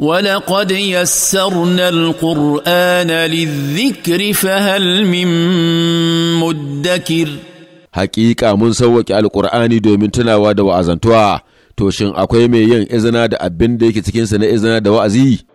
ولقد يسرنا القران للذكر فهل من مدكر حقيقه من سوقي القران دومين تناوا da wa'azantuwa to shin akwai mai yin izina da abin da yake cikinsa na izina da wa'azi